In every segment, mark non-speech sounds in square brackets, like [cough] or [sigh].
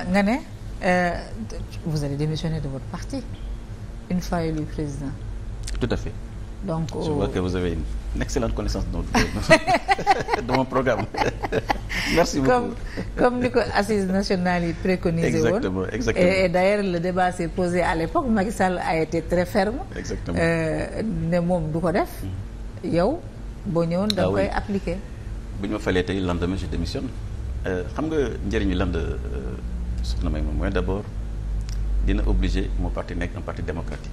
Euh, nga ne euh, vous allez démissionner de votre parti une fois élu président. tout à fait. donc je vois que vous avez une, une excellente connaissance de notre [laughs] de mon programme. [laughs] merci beaucoup comme ni ko assise nationale yi préconisé woon. exactement exactement et, et d'ailleurs débat s'est posé à l'époque Macky a été très ferme. exactement euh, ne moom du ko def. Mm-hmm. yow boo ñëwoon. Ah da koy appliquer. bu ñu falee tey lendemain je démissionne xam nga njëriñu land. soxna may moom mooy d' abord dina moo parti nekk parti démocratique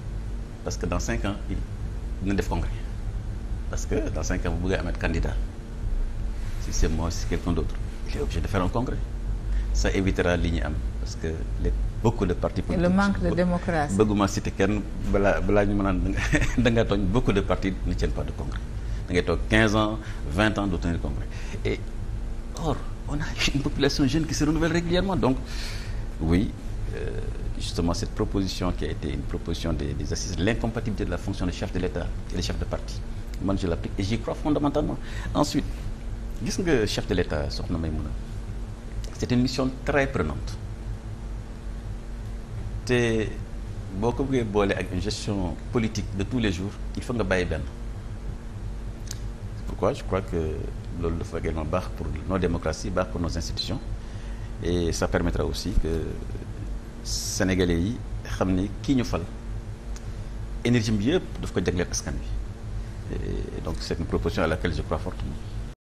parce que dans cinq def congrès parce que dans cinq ans bu bëggee amat candidat si c' est moi si quelqu'un d'autre il de faire un congrès li ñu am parce que les beaucoup de partis politiques le manque de démocratie bëgguma cité kenn balaa balaa ñu mën a [laughs] da nga tooñ beaucoup de partis ne tiennent pas de congrès da ngay toog quinze ans vingt ans doo tenir congrès et or une population jeune qui se renouvelle régulièrement donc oui, euh, justement, cette proposition qui a été une proposition des, des assises, l'incompatibilité de la fonction de chef de l'État et de chef de parti. Moi, je l'applique et j'y crois fondamentalement. Ensuite, gis nga chef de l'État soxna Maïmouna c'est une mission très prenante te boo ko bëggee boole ak une gestion politique de tous les jours il faut nga bàyyi benn pourquoi je crois que loolu dafa également baax pour nos démocraties baax pour nos et ça permettra aussi que sénégalais yi xam ni kii ñu fal énergie bi yëpp daf ko jagleel askan bi donc c'est une proposition à laquelle je crois fortement